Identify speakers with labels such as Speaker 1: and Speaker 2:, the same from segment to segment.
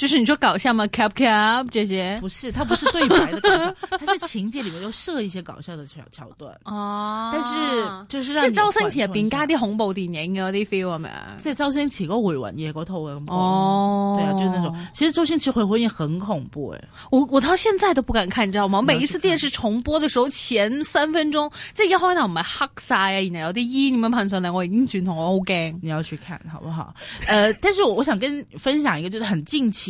Speaker 1: 就是你說搞笑嗎？cap cap 這些不是，它不是對白的搞
Speaker 2: 笑， 它是情節裏面又設一些搞笑的橋橋
Speaker 1: 段哦、 啊，但是就是讓你。即周星馳入邊加啲恐怖電影嗰啲 feel 啊嘛。
Speaker 2: 所以周星馳個《回魂夜》嗰套啊，哦，對啊，就是那種。其實周星馳回魂夜很恐怖誒、欸，我
Speaker 1: 我到現在都不敢看，你知道嗎？每一次電視重播的時候，前三分鐘在一號電腦埋吓晒啊，一零點一，你們碰上嚟，我已經轉頭，我好驚。你要去看好不好？ 呃，但是我我想跟 分享一個，就是很近期。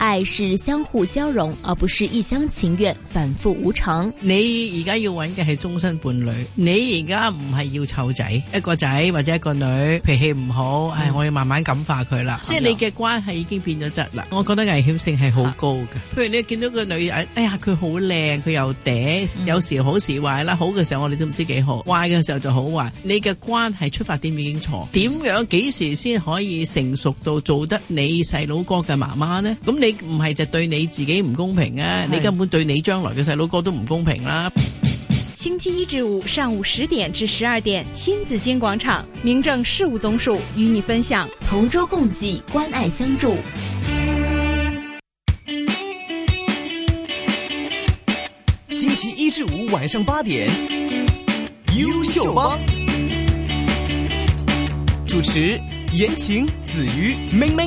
Speaker 3: 愛是相互交融，而不是一廂情願、反覆無常。你而家要揾嘅係終身伴侶，
Speaker 2: 你而家唔係要湊仔一個仔或者一個女，脾氣唔好，唉、嗯哎，我要慢慢感化佢啦、嗯。即係你嘅關係已經變咗質啦。我覺得危險性係好高嘅、啊。譬如你見到個女人，哎呀，佢好靚，佢又嗲，有時好時壞啦、嗯。好嘅時候我哋都唔知幾好，壞嘅時候就好壞。你嘅關係出發點已經錯，點樣幾時先可以成熟到做得你細佬哥嘅媽媽呢？咁你？唔係就是，對你自己唔公平啊！你根本對你將來嘅細佬哥都唔公平啦、
Speaker 3: 啊。星期一至五上午十點至十二點，新紫荊廣場民政事務總署與你分享同舟共濟，關愛相助。
Speaker 4: 星期一至五晚上八點，優秀幫主持言情子瑜明明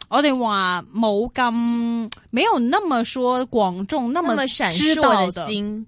Speaker 1: 我哋話冇咁，沒有那麼說廣眾，那麼閃爍的心。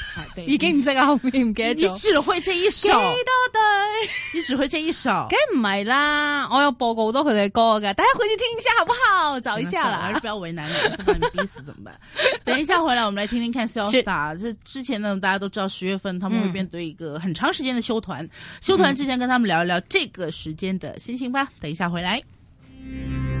Speaker 1: 已經唔識啦，後面唔記得咗。你只可以只一首，幾多對？你只會這一首？梗 唔係啦，我有播過好多佢哋嘅歌嘅，大家回去聽一下，好不好？找一下啦， 還是不要為難你，再把你逼死怎麼辦？ 等一下回來，我們來聽聽
Speaker 2: 看 Salsa。就之前呢，大家都知道十月份他們會面對一個很長時間的休團。休、嗯、團之前，跟他們聊一聊這個時間的心情吧。等一下回來。嗯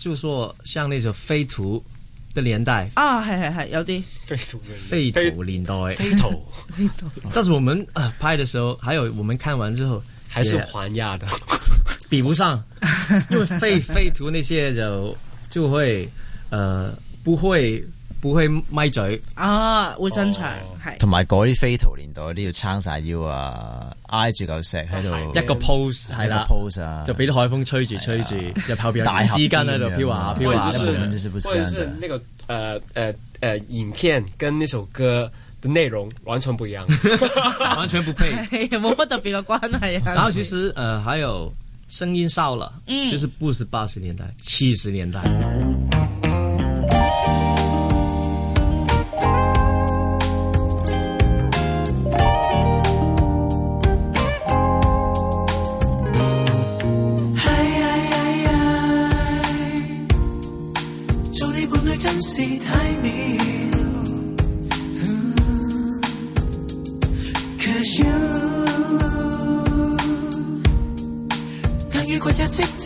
Speaker 5: 就是，說像那種飛圖的年代
Speaker 2: 啊，系系係有啲
Speaker 5: 飛圖年代。飛圖，
Speaker 6: 但
Speaker 5: 是我們拍的時候，還有我們看完之後，還是還壓的，yeah. 比不上，因為飛飛圖那些就就會誒、呃，不會不會咪嘴
Speaker 2: 啊，會伸長
Speaker 7: 系。同埋改飛圖年代都要撐晒腰啊。挨住嚿石喺度，一個 pose 係啦，pose 啊，
Speaker 8: 就
Speaker 4: 俾啲海
Speaker 7: 風吹住吹住，就拋片絲巾喺度飄啊飄
Speaker 8: 啊，完全兩隻絲不一樣。嗰、啊就是那個誒誒誒影片跟那首歌的內容完全唔一樣，
Speaker 5: 完全不配，
Speaker 2: 冇、哎、乜特別嘅關係啊。 然後其
Speaker 5: 實誒，還有聲音少了，其、嗯、實、就是、不是八十年代，七十年代。哦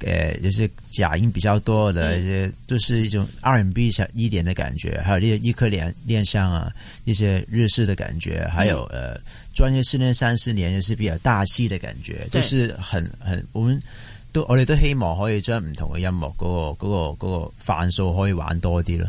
Speaker 7: 呃，有、就、些、是、假音比較多的，一些都是一種 R&B 小一點的感覺，還有那些一顆聯聯想啊，一些日式的感覺，還有呃專業訓練三四年也是比較大氣的感覺，就是很很，我們都，我們都希望可以轉不同的音樂，嗰、那個嗰、那個嗰、那個範疇可以玩多啲咯。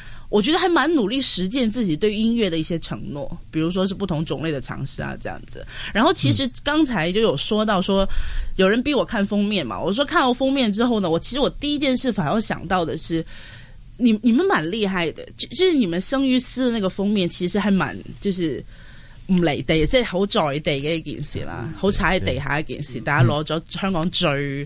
Speaker 2: 我覺得還蠻努力實踐自己對音樂的一些承諾，比如說是不同種類的嘗試啊，這樣子。然後其實剛才就有說到說，嗯、有人逼我看封面嘛。我說看到封面之後呢，我其實我第一件事反而想到的是，你你們蠻厲害的，就就是你們生於斯那個封面，其實還蠻就是唔離地，即係好在地嘅一件事啦，好踩喺地下一件事，嗯、大家攞咗香港最。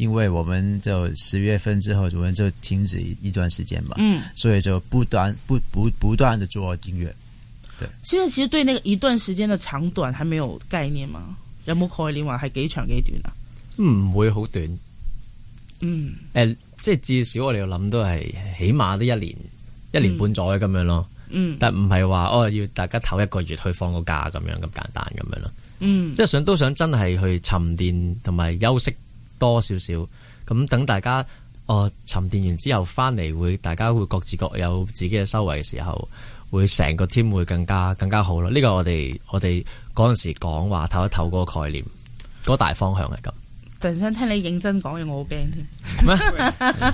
Speaker 7: 因為我們就十月份之後，我們就停止一段時間嘛，嗯，所以就不斷不不不斷的做音樂，對。現
Speaker 2: 在其實對那個一段時間的長短還沒有概念嘛，有冇概念話係幾長幾短啊？
Speaker 5: 唔會好短，嗯，誒、呃，即係至少我哋要諗都係起碼都一年一年半載咁樣咯，嗯，但唔係話哦要大家唞一個月去放個假咁樣咁簡單咁樣咯，嗯，即係想都想真係去沉澱同埋休息。多少少咁，等大家哦，沉澱完之後翻嚟，會大家會各自各有自己嘅收穫嘅時候，會成個 team 會更加更加好咯。呢個我哋我哋嗰陣時講話唞一唞嗰個概念，嗰個大方向係
Speaker 7: 咁。
Speaker 2: 突然間聽你認真講嘢，我好驚添。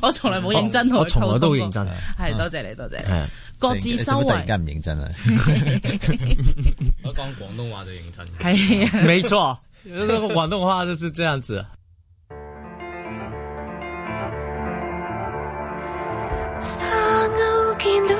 Speaker 2: 我從來冇認
Speaker 7: 真，我從來都認真。係多謝你，啊，多謝。各自收穫。你點解突然間唔認真啊？
Speaker 5: 我講廣東話就
Speaker 9: 認真。係 沒錯，廣東
Speaker 5: 話就是這樣子。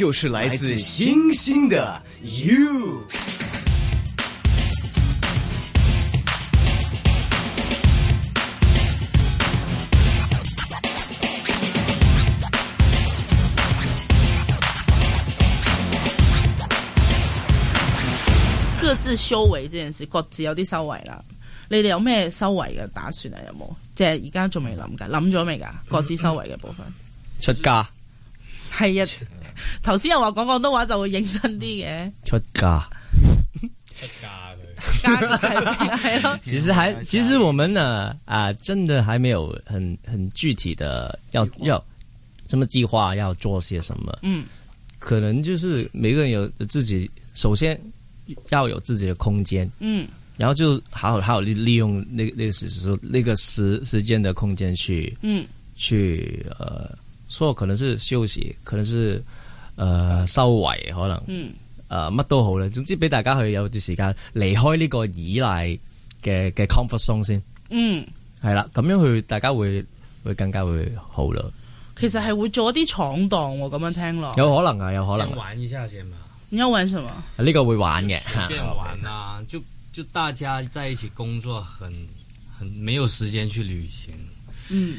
Speaker 4: 就是來自星星的 You。
Speaker 2: 各自修為呢件事，各自有啲修為啦。你哋有咩修為嘅打算啊？有冇？即係而家仲未諗噶？諗咗未噶？各自修為嘅部分，出家係啊。 頭先又話講廣東話就會認真啲嘅，
Speaker 5: 出嫁，出
Speaker 6: 嫁佢，係咯。其實還，
Speaker 5: 其實我們呢啊，真的還沒有很很具體的要要什麼計劃要做些什麼。嗯，可能就是每個人有自己，首先要有自己的空間。嗯，然後就好好好利利用那個那個時時那個時時間的空間去，嗯，去，呃，說可能是休息，可能是。誒、呃，收圍可能，誒、嗯、乜、呃、都好啦，總之俾大家去有段時間離開呢個依賴嘅嘅 comfort zone 先，嗯，係啦，咁樣去大家會會更加會好咯。
Speaker 2: 其實係會做一啲
Speaker 9: 闖蕩，咁樣聽落有可能啊，有可能。可能可能先玩一下先嘛。你要玩什麼？呢、
Speaker 5: 啊這個會玩嘅，
Speaker 9: 邊玩啊就就大家在一起工作很，很很沒有時間去旅行，嗯。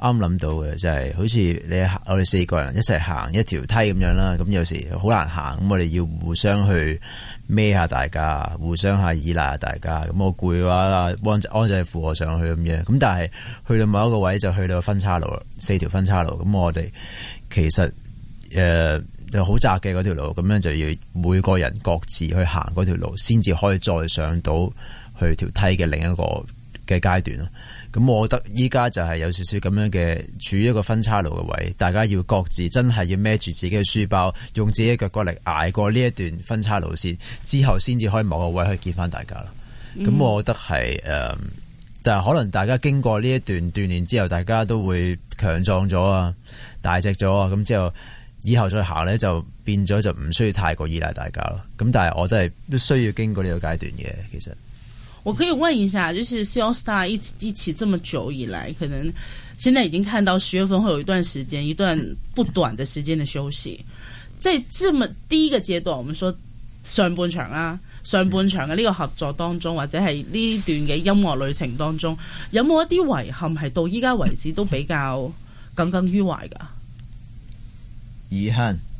Speaker 7: 啱諗到嘅就係、是，好似你我哋四個人一齊行一條梯咁樣啦，咁有時好難行，咁我哋要互相去孭下大家，互相下依賴下大家。咁我攰嘅話，安仔安仔扶我上去咁樣。咁但係去到某一個位就去到分岔路，四條分岔路。咁我哋其實誒就好窄嘅嗰條路，咁樣就要每個人各自去行嗰條路，先至可以再上到去條梯嘅另一個嘅階段咯。咁我覺得依家就係有少少咁樣嘅，處於一個分叉路嘅位，大家要各自真係要孭住自己嘅書包，用自己嘅腳骨嚟捱過呢一段分叉路線，之後先至可以某個位去見翻大家啦。咁、嗯、我覺得係誒、嗯，但係可能大家經過呢一段鍛煉之後，大家都會強壯咗啊，大隻咗啊，咁之後以後再行呢，就變咗就唔需要太過依賴大家啦。咁但係我都係都需要經過呢個階段嘅，其實。
Speaker 2: 我可以問一下，就是《C Star》一起一起這麼久以來，可能現在已經看到十月份會有一段時間，一段不短的時間的休息。在這麼第一個階段，我們說上半場啦、啊，上半場的呢個合作當中，或者係呢段嘅音樂旅程當中，有冇一啲遺憾係到依家為止都比較耿耿於懷噶
Speaker 5: 遺憾。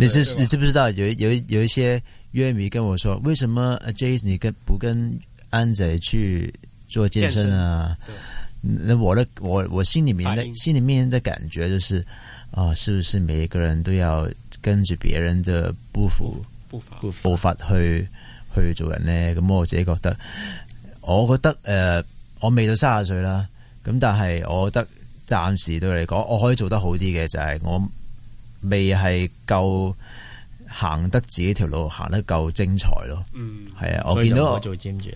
Speaker 8: 你知你
Speaker 7: 知不知道有有有一些樂迷跟我說，為什麼 Jace 你跟不跟安仔去做健身啊？那我的我我心裏面的心裏面的感覺就是，啊、哦，是不是每一個人都要跟着別人的步伐步伐去去做人呢？咁我自己覺得，我覺得誒、呃，我未到三十歲啦，咁但係我覺得暫時對你嚟講，我可以做得好啲嘅就係、是、我。未係夠行得自己條路，行得夠精彩咯。嗯，係啊，我見到我做 gym 住，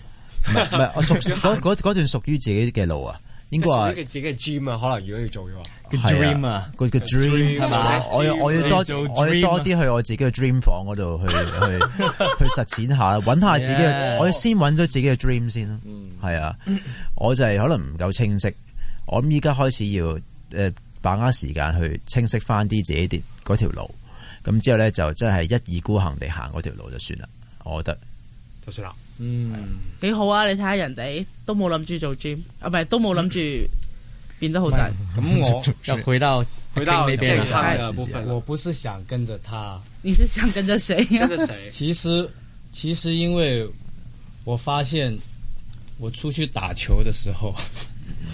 Speaker 7: 唔係我屬嗰嗰段屬於自己嘅路啊，應該
Speaker 8: 話自己嘅 gym 啊，可能如果要做嘅話，dream 啊，個 dream, 個 dream,
Speaker 7: 個 dream, 要 dream 啊，我我要多我多啲去我自己嘅 dream 房嗰度去 去去實踐下，揾下自己，嘅、yeah,。我要先揾咗自己嘅 dream 先咯、啊啊。嗯，係啊，我就係可能唔夠清晰，我諗依家開始要誒。Uh, 把握時間去清晰翻啲自己啲條路，咁之後咧就真係一意孤行地行嗰條路就算啦。我覺得
Speaker 10: 就算啦，嗯，
Speaker 2: 幾好啊！你睇下人哋都冇諗住做 gym，啊，唔係都冇諗住變得好大。咁、
Speaker 7: 嗯、我又回到回到你
Speaker 9: 邊，我不是想跟着他，
Speaker 2: 你是想跟着誰，啊？跟着
Speaker 9: 誰？其實其實因為我發現我出去打球嘅時候。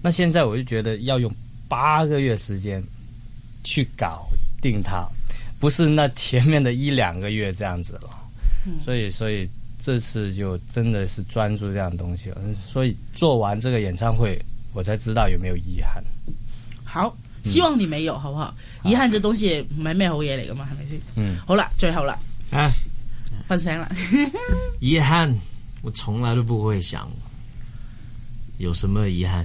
Speaker 9: 那現在我就覺得要用八個月時間去搞定它，不是那前面的一兩個月這樣子了。嗯。所以，所以這次就真的是專注這樣東西了。所以做完這個演唱會，我才知道有沒有遺憾。
Speaker 2: 好，希望你沒有，嗯。好不好？遺憾這東西唔係咩好嘢嚟噶嘛，係咪先？嗯。好啦，最後啦。啊。分享啦。
Speaker 5: 遺憾，我從來都不會想有什麼遺憾。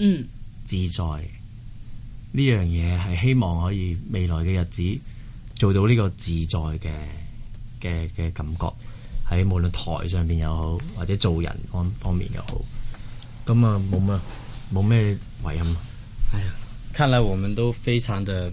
Speaker 5: 嗯，自在呢樣嘢係希望可以未來嘅日子做到呢個自在嘅嘅嘅感覺，喺無論台上邊又好，或者做人方方面又好，咁啊冇咩
Speaker 9: 冇咩遺憾。哎呀，看來我們都非常的。